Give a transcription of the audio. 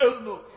Elmo